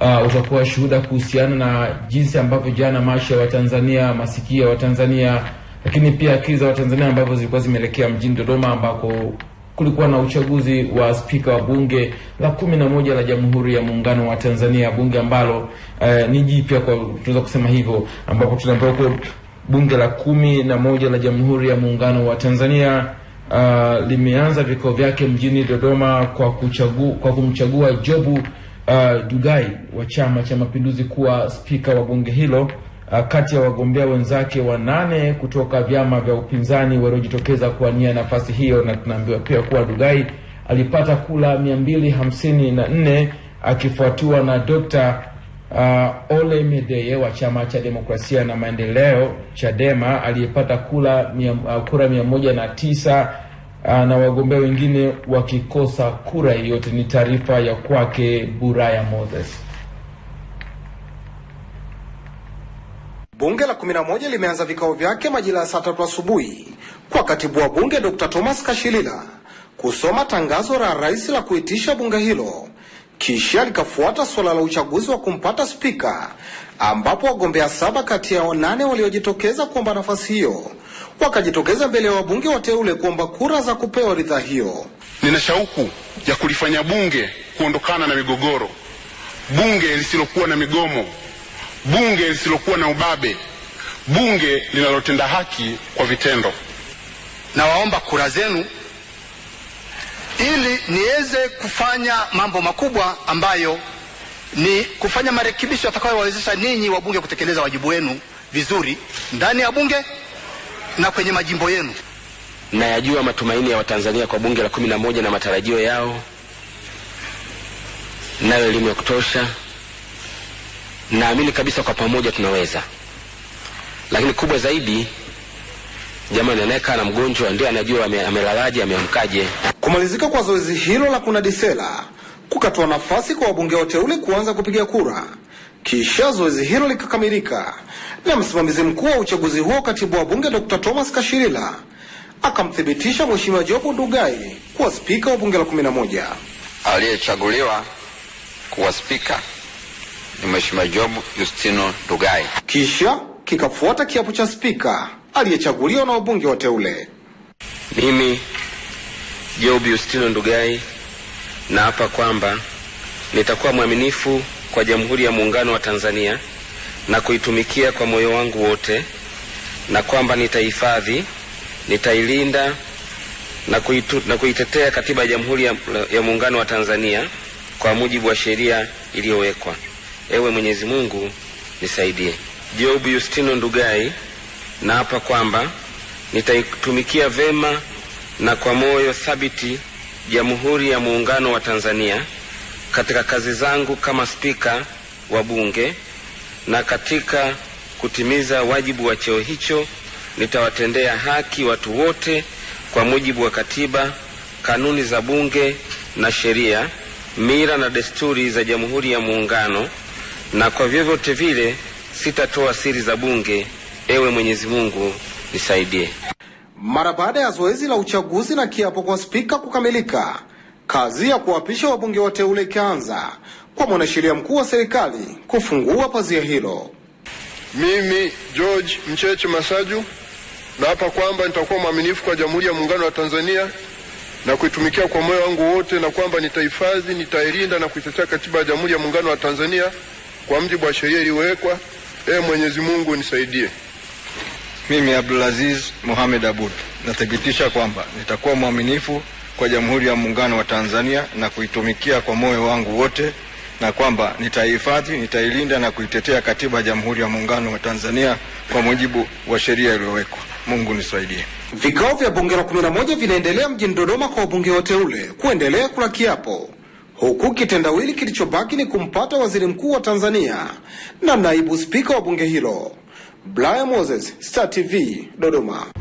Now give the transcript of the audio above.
uh, utakuwa shuhuda kuhusiana na jinsi ambavyo jana maisha ya Watanzania, masikio ya Watanzania, lakini pia akili za Watanzania ambavyo zilikuwa zimeelekea mjini Dodoma ambako kulikuwa na uchaguzi wa spika wa bunge la kumi na moja la Jamhuri ya Muungano wa Tanzania, bunge ambalo eh, ni jipya kwa tunaweza kusema hivyo, ambapo tunaambiwa kwa bunge la kumi na moja la Jamhuri ya Muungano wa Tanzania uh, limeanza vikao vyake mjini Dodoma kwa kuchagu, kwa kumchagua Jobu uh, Dugai wa Chama cha Mapinduzi kuwa spika wa bunge hilo uh, kati ya wagombea wenzake wanane kutoka vyama vya upinzani waliojitokeza kuwania nafasi hiyo, na tunaambiwa pia kuwa Dugai alipata kula nne akifuatiwa na Dr. uh, Ole Medeye wa chama cha demokrasia na maendeleo Chadema aliyepata kula uh, kura Ah, na wagombea wengine wakikosa kura yoyote. Ni taarifa ya kwake Buraya Moses. Bunge la 11 limeanza vikao vyake majira ya saa tatu asubuhi kwa katibu wa bunge Dr. Thomas Kashilila kusoma tangazo la rais la kuitisha bunge hilo, kisha likafuata suala la uchaguzi wa kumpata spika, ambapo wagombea saba kati ya nane waliojitokeza kuomba nafasi hiyo wakajitokeza mbele ya wabunge wateule kuomba kura za kupewa ridhaa hiyo. Nina shauku ya kulifanya bunge kuondokana na migogoro, bunge lisilokuwa na migomo, bunge lisilokuwa na ubabe, bunge linalotenda haki kwa vitendo. Nawaomba kura zenu ili niweze kufanya mambo makubwa ambayo ni kufanya marekebisho yatakayowawezesha ninyi wabunge kutekeleza wajibu wenu vizuri ndani ya bunge na kwenye majimbo yenu. Nayajua matumaini ya Watanzania kwa bunge la kumi na moja na matarajio yao, nayo elimu ya kutosha. Naamini kabisa kwa pamoja tunaweza, lakini kubwa zaidi, jamani, anayekaa na mgonjwa ndiye anajua amelalaje, ameamkaje. Kumalizika kwa zoezi hilo la kunadi sera kukatoa nafasi kwa wabunge wateule kuanza kupiga kura kisha zoezi hilo likakamilika na msimamizi mkuu wa uchaguzi huo, katibu wa bunge Dr. Thomas Kashirila akamthibitisha Mheshimiwa Jobu Ndugai kuwa spika wa bunge la 11. Aliyechaguliwa kuwa spika ni Mheshimiwa Job Justino Ndugai. Kisha kikafuata kiapo cha spika aliyechaguliwa na wabunge wateule. Mimi Job Justino Ndugai naapa kwamba Nitakuwa mwaminifu kwa Jamhuri ya Muungano wa Tanzania na kuitumikia kwa moyo wangu wote, na kwamba nitahifadhi, nitailinda na, kuitu, na kuitetea Katiba ya Jamhuri ya Muungano wa Tanzania kwa mujibu wa sheria iliyowekwa. Ewe Mwenyezi Mungu nisaidie. Job Yustino Ndugai, naapa kwamba nitaitumikia vema na kwa moyo thabiti Jamhuri ya Muungano wa Tanzania katika kazi zangu kama spika wa Bunge na katika kutimiza wajibu wa cheo hicho nitawatendea haki watu wote kwa mujibu wa katiba, kanuni za bunge na sheria, mira na desturi za Jamhuri ya Muungano, na kwa vyovyote vile sitatoa siri za bunge. Ewe Mwenyezi Mungu nisaidie. Mara baada ya zoezi la uchaguzi na kiapo kwa spika kukamilika Kazi ya kuwapisha wabunge wateule ikianza kwa mwanasheria mkuu wa serikali kufungua pazia hilo. Mimi George Mcheche Masaju naapa kwamba nitakuwa mwaminifu kwa Jamhuri ya Muungano wa Tanzania na kuitumikia kwa moyo wangu wote, na kwamba nitahifadhi, nitailinda na kuitetea Katiba ya Jamhuri ya Muungano wa Tanzania kwa mujibu wa sheria iliyowekwa. Ee Mwenyezi Mungu nisaidie. Mimi Abdulaziz Mohamed Abud nathibitisha kwamba nitakuwa mwaminifu kwa Jamhuri ya Muungano wa Tanzania na kuitumikia kwa moyo wangu wote, na kwamba nitaihifadhi, nitailinda na kuitetea Katiba ya Jamhuri ya Muungano wa Tanzania kwa mujibu wa sheria iliyowekwa. Mungu nisaidie. Vikao vya bunge la 11 vinaendelea mjini Dodoma kwa wabunge wateule kuendelea kula kiapo huku kitendawili kilichobaki ni kumpata waziri mkuu wa Tanzania na naibu spika wa bunge hilo. Blaya Moses, Star TV, Dodoma.